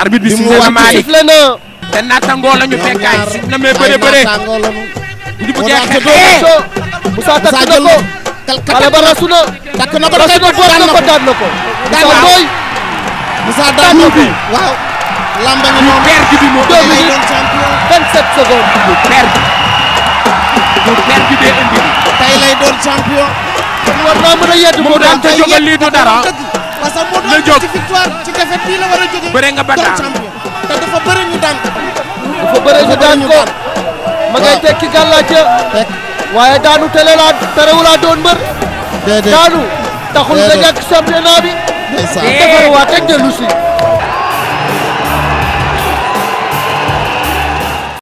arbitre bi sifflé na Malick te nattangoo la ñu fekkaay sifflé na mais bëre bëre bu buggee xeexee eh! Moussa takk na ko xale ba rasu na takk na ko rasu na na ko daan na ko Moussa Ndoye daan na ko waaw lamba nga noonu perte bi moo deux minutes vingt-sept secondes bu perte bu perte bee indi tey lay doon champion war naa mën a yedd mu daan te jógal lii du dara a jóg ci victoire ci défaite bii la war a jógee. bëre nga bataa te dafa bëre ñu daan ko. dafa bëre ñu daan ko ma ngay tekki gàllaaj waaye daanu tele laa terewulaa doon mbër. déedéet daanu taxul nga ñàkk championnat bi. defar waa teg dellu si.